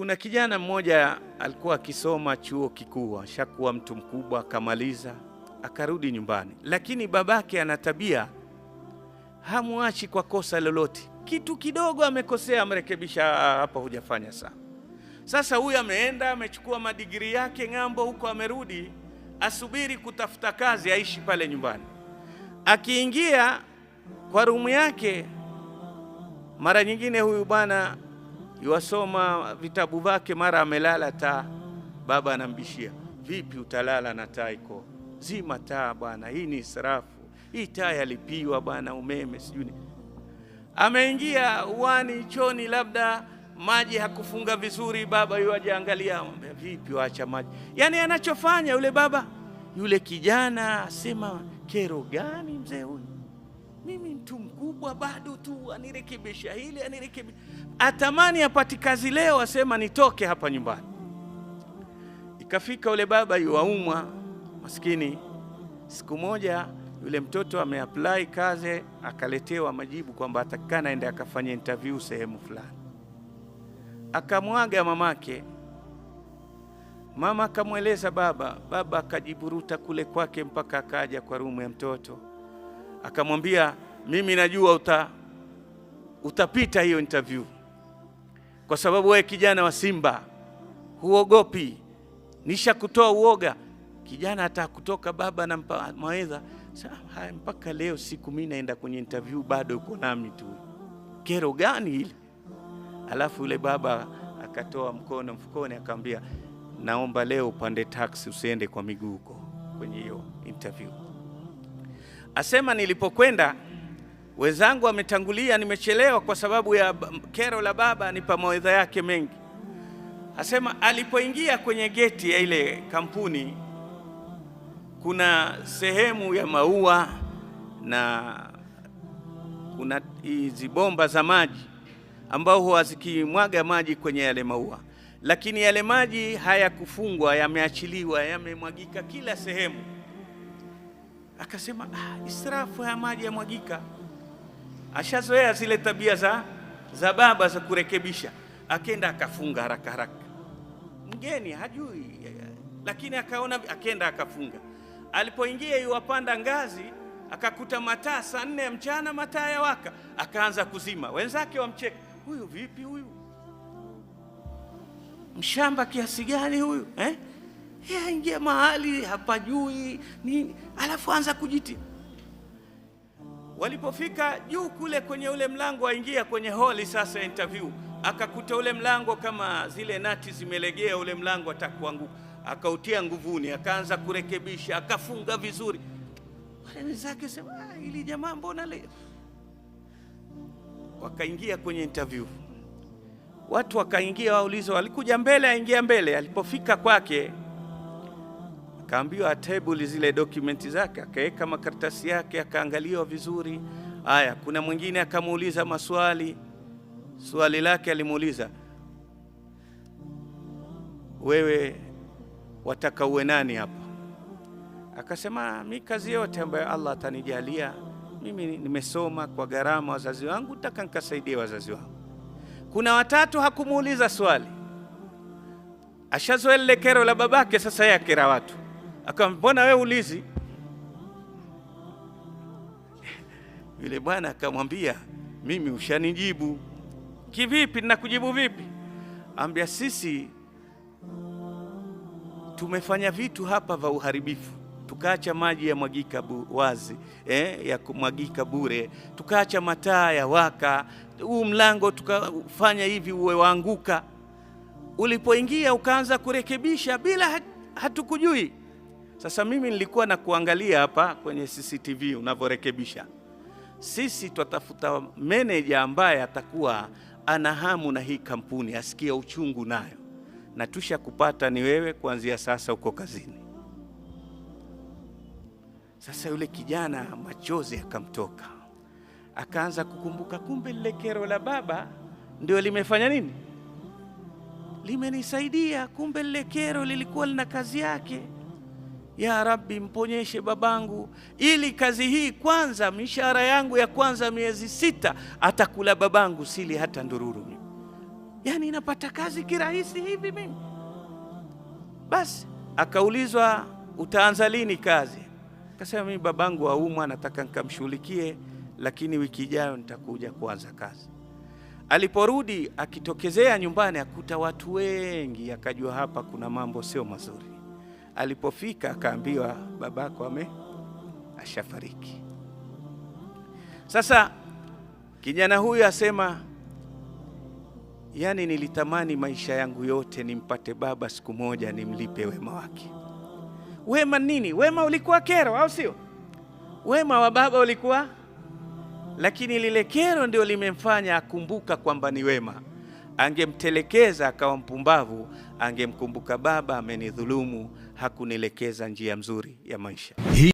Kuna kijana mmoja alikuwa akisoma chuo kikuu, ashakuwa mtu mkubwa, akamaliza akarudi nyumbani, lakini babake ana tabia, hamwachi kwa kosa lolote. Kitu kidogo amekosea, amrekebisha, hapa hujafanya sana Sasa huyu ameenda amechukua madigiri yake ng'ambo huko, amerudi asubiri kutafuta kazi, aishi pale nyumbani. Akiingia kwa rumu yake, mara nyingine huyu bwana yuwasoma vitabu vake mara amelala taa, baba anambishia, vipi utalala na taa iko zima? Taa bwana, hii ni israfu, hii taa yalipiwa bwana, umeme sijui. Ameingia uani choni, labda maji hakufunga vizuri, baba yu ajaangalia, vipi waacha maji. Yani anachofanya yule baba, yule kijana asema, kero gani mzee huyu mimi mtu mkubwa bado tu, anirekebisha hili anirekebisha. Atamani apati kazi leo, asema nitoke hapa nyumbani. Ikafika ule baba yuwaumwa maskini. Siku moja yule mtoto ameapply kazi, akaletewa majibu kwamba atakana aende akafanya interview sehemu fulani. Akamwaga mamake, mama akamweleza baba, baba akajiburuta kule kwake mpaka akaja kwa rumu ya mtoto akamwambia, mimi najua uta, utapita hiyo interview kwa sababu wewe kijana wa Simba huogopi, nishakutoa uoga. Kijana hata kutoka baba na maweza haya, mpaka leo siku mimi naenda kwenye interview bado uko nami tu, kero gani ile? Alafu yule baba akatoa mkono mfukoni akamwambia, naomba leo upande taksi usiende kwa miguu huko kwenye hiyo interview. Asema nilipokwenda wenzangu wametangulia, nimechelewa kwa sababu ya kero la baba ni pamoja yake mengi. Asema alipoingia kwenye geti ya ile kampuni, kuna sehemu ya maua na kuna hizi bomba za maji ambao huwa zikimwaga maji kwenye yale maua, lakini yale maji hayakufungwa, yameachiliwa, yamemwagika kila sehemu akasema ah, israfu ya maji yamwagika. Ashazoea zile tabia za, za baba za kurekebisha. Akenda akafunga haraka haraka, mgeni hajui, lakini akaona, akenda akafunga. Alipoingia iwapanda ngazi akakuta mataa saa nne ya mchana, mataa ya waka, akaanza kuzima. Wenzake wamcheka, huyu vipi huyu mshamba kiasi gani huyu eh? Eh, aingie mahali hapajui nini, alafu anza kujiti. Walipofika juu kule kwenye ule mlango, aingia kwenye holi sasa interview, akakuta ule mlango kama zile nati zimelegea, ule mlango atakuanguka, akautia nguvuni, akaanza kurekebisha, akafunga vizuri. Wale zake sema ah, ili jamaa mbona leo wakaingia kwenye interview, watu wakaingia, waulizo walikuja mbele, aingia mbele. Alipofika kwake Akaambiwa atebuli zile dokumenti zake, akaweka makaratasi yake, akaangaliwa vizuri. Aya, kuna mwingine akamuuliza maswali. Swali lake alimuuliza, wewe wataka uwe nani hapa? Akasema mi kazi yote ambayo Allah atanijalia mimi, nimesoma kwa gharama wazazi wangu, nataka nkasaidia wazazi wangu. Kuna watatu hakumuuliza swali, ashazoele kero la babake, sasa yeye akera watu. Akam, mbona wewe ulizi? Yule bwana akamwambia, mimi ushanijibu. Kivipi? nakujibu vipi? Ambia sisi tumefanya vitu hapa vya uharibifu, tukaacha maji ya mwagika bu, wazi eh, ya kumwagika bure, tukaacha mataa ya waka, huu mlango tukafanya hivi uwe waanguka, ulipoingia ukaanza kurekebisha bila hatukujui sasa mimi nilikuwa na kuangalia hapa kwenye CCTV unavyorekebisha. Sisi twatafuta meneja ambaye atakuwa ana hamu na hii kampuni, asikia uchungu nayo, na tusha kupata ni wewe, kuanzia sasa uko kazini. Sasa yule kijana machozi akamtoka, akaanza kukumbuka, kumbe lile kero la baba ndio limefanya nini, limenisaidia. Kumbe lile kero lilikuwa lina kazi yake ya Rabbi, mponyeshe babangu, ili kazi hii kwanza, mishahara yangu ya kwanza miezi sita atakula babangu, sili hata ndururu. Mimi yani inapata kazi kirahisi hivi mimi? Basi akaulizwa utaanza lini kazi? Akasema mimi babangu aumwa, nataka nikamshughulikie, lakini wiki ijayo nitakuja kuanza kazi. Aliporudi akitokezea nyumbani, akuta watu wengi, akajua hapa kuna mambo sio mazuri. Alipofika akaambiwa babako ame ashafariki. Sasa kijana huyu asema, yani nilitamani maisha yangu yote nimpate baba siku moja nimlipe wema wake. Wema nini? Wema ulikuwa kero, au sio? Wema wa baba ulikuwa, lakini lile kero ndio limemfanya akumbuka kwamba ni wema. Angemtelekeza akawa mpumbavu, angemkumbuka baba amenidhulumu hakunielekeza njia mzuri ya maisha.